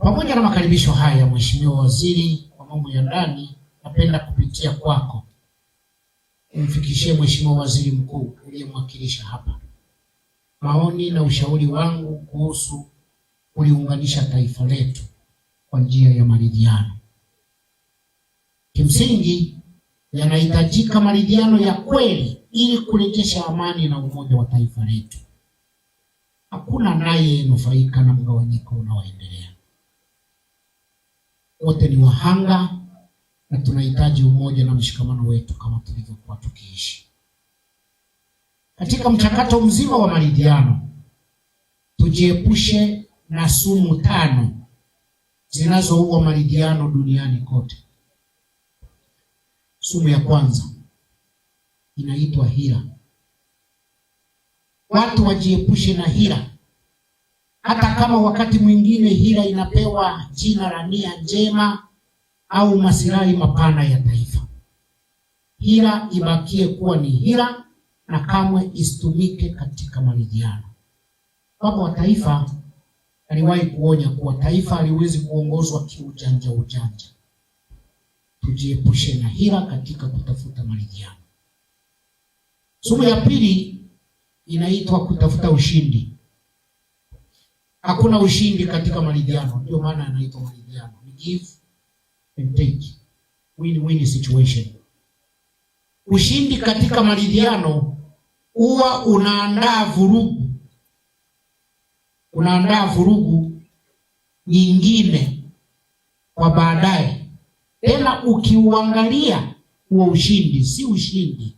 Pamoja na makaribisho haya, Mheshimiwa Waziri wa Mambo ya Ndani, napenda kupitia kwako umfikishie Mheshimiwa Waziri Mkuu uliyemwakilisha hapa maoni na ushauri wangu kuhusu kuliunganisha taifa letu kwa njia ya maridhiano. Kimsingi yanahitajika maridhiano ya kweli ili kurejesha amani na umoja wa taifa letu. Hakuna naye nufaika na mgawanyiko unaoendelea wote ni wahanga na tunahitaji umoja na mshikamano wetu kama tulivyokuwa tukiishi. Katika mchakato mzima wa maridhiano, tujiepushe na sumu tano zinazoua maridhiano duniani kote. Sumu ya kwanza inaitwa hila. Watu wajiepushe na hila hata kama wakati mwingine hila inapewa jina la nia njema au masilahi mapana ya taifa. Hila ibakie kuwa ni hila na kamwe isitumike katika maridhiano. Baba wa taifa aliwahi kuonya kuwa taifa haliwezi kuongozwa kiujanja ujanja. Tujiepushe na hila katika kutafuta maridhiano. Somo ya pili inaitwa kutafuta ushindi. Hakuna ushindi katika maridhiano, ndio maana anaitwa maridhiano. Ni give and take, win-win situation. Ushindi katika maridhiano huwa unaandaa vurugu, unaandaa vurugu nyingine kwa baadaye. Tena ukiuangalia huo ushindi si ushindi,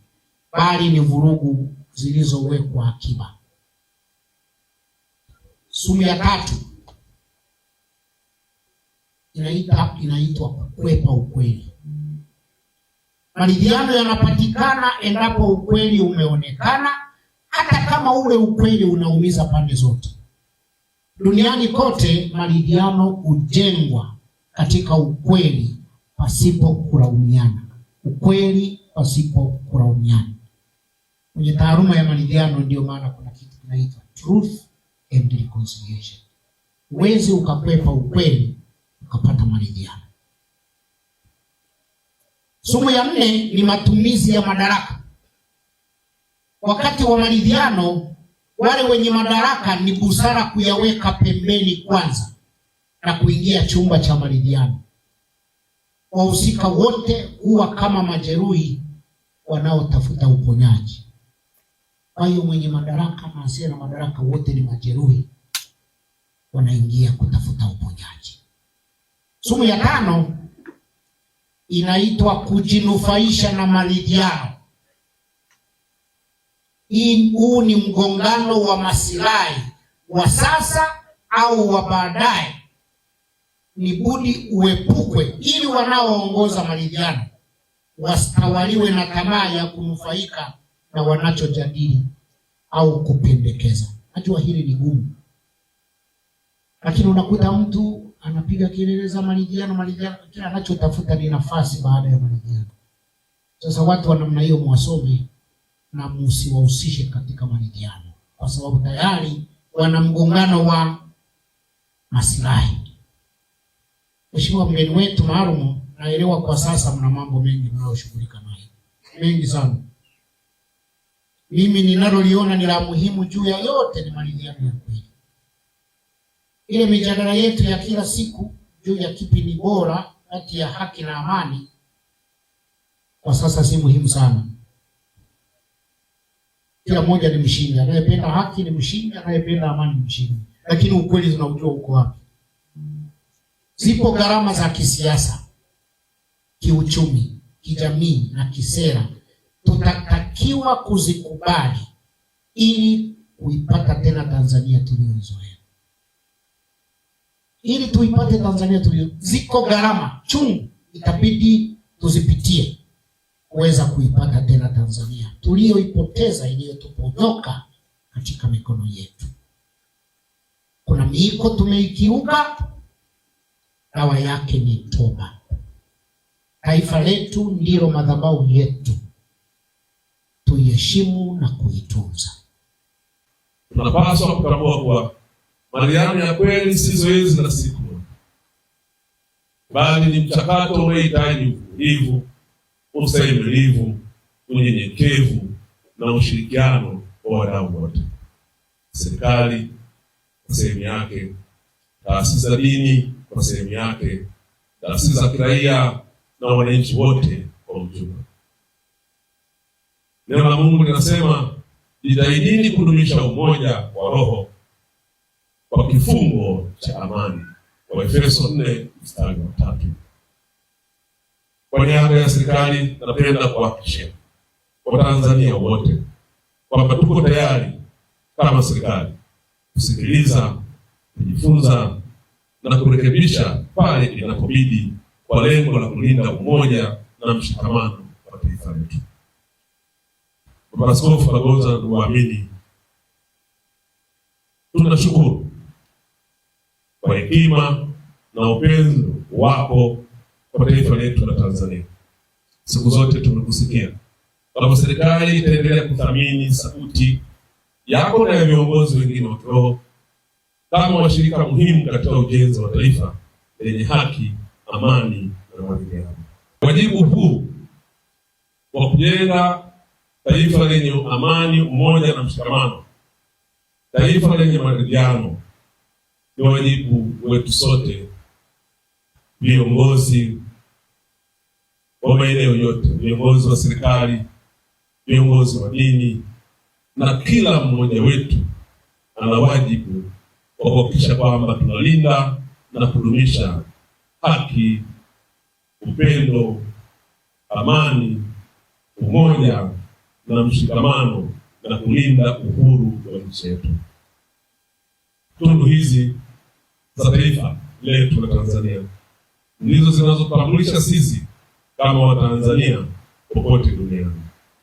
bali ni vurugu zilizowekwa akiba. Sumu ya tatu inaita inaitwa kukwepa ukweli. Maridhiano yanapatikana endapo ukweli umeonekana, hata kama ule ukweli unaumiza pande zote. Duniani kote maridhiano hujengwa katika ukweli pasipo kulaumiana, ukweli pasipo kulaumiana. Kwenye taaluma ya maridhiano, ndiyo maana kuna kitu kinaitwa truth and reconciliation. ukakwepa ukweli ukapata maridhiano. Sumu ya nne ni matumizi ya madaraka. Wakati wa maridhiano, wale wenye madaraka ni busara kuyaweka pembeni kwanza na kuingia chumba cha maridhiano. Wahusika wote huwa kama majeruhi wanaotafuta uponyaji. Kwa hiyo mwenye madaraka na asiye na madaraka wote ni majeruhi, wanaingia kutafuta uponyaji. Sumu ya tano inaitwa kujinufaisha na maridhiano. Huu ni mgongano wa masilahi wa sasa au wa baadaye, ni budi uepukwe ili wanaoongoza maridhiano wasitawaliwe na tamaa ya kunufaika na wanachojadili au kupendekeza. Najua hili ni gumu, lakini unakuta mtu anapiga kelele za maridhiano marijiano, kila anachotafuta ni nafasi baada ya maridhiano. Sasa watu wa namna hiyo mwasome na msiwahusishe katika maridhiano, kwa sababu tayari wana mgongano wa maslahi. Mheshimiwa mgeni wetu maalum, naelewa kwa sasa mna mambo mengi mnayoshughulika nayo mengi sana mimi ninaloliona ni la muhimu juu ya yote ni maridhiano ya kweli. Ile mijadala yetu ya kila siku juu ya kipi ni bora kati ya haki na amani, kwa sasa si muhimu sana. Kila mmoja ni mshindi, anayependa haki ni mshindi, anayependa amani ni mshindi, lakini ukweli tunaujua uko wapi. Zipo gharama za kisiasa, kiuchumi, kijamii na kisera tutatakiwa kuzikubali ili kuipata tena Tanzania tuliyozoea, ili tuipate Tanzania tuliyo. Ziko gharama chungu, itabidi tuzipitie kuweza kuipata tena Tanzania tuliyoipoteza, iliyotuponyoka katika mikono yetu. Kuna miiko tumeikiuka, dawa yake ni toba. Taifa letu ndilo madhabahu yetu tuiheshimu na kuitunza. Tunapaswa kutambua kuwa maridhiano ya kweli si zoezi la siku, bali ni mchakato unaohitaji uvumilivu, ustahimilivu, unyenyekevu na ushirikiano wa wadau wote: serikali kwa sehemu yake, taasisi za dini kwa sehemu yake, taasisi za kiraia na wananchi wote kwa ujumla. Neno la Mungu linasema jitahidini kudumisha umoja wa roho kwa kifungo cha amani, Waefeso efeso mstari wa tatu. Kwa niaba ya serikali napenda kuhakikishia Watanzania wote kwamba tuko tayari kama serikali kusikiliza, kujifunza na kurekebisha pale inapobidi kwa lengo la kulinda umoja na mshikamano wa taifa letu. Paraskofu na waamini, tunashukuru kwa hekima na upendo wako kwa taifa letu la Tanzania. Siku zote tumekusikia. Kwa serikali itaendelea kuthamini sauti yako na ya viongozi wengine wa kiroho kama washirika muhimu katika ujenzi wa taifa lenye haki, amani na maendeleo. Wajibu huu wa kujenga taifa lenye amani, umoja na mshikamano, taifa lenye maridhiano. Ni wajibu wetu sote, viongozi wa maeneo yote, viongozi wa serikali, viongozi wa dini, na kila mmoja wetu ana wajibu wa kuhakikisha kwamba tunalinda na kudumisha haki, upendo, amani, umoja na mshikamano na kulinda uhuru wa nchi yetu. Tundu hizi za taifa letu la Tanzania ndizo zinazotambulisha sisi kama Watanzania popote duniani.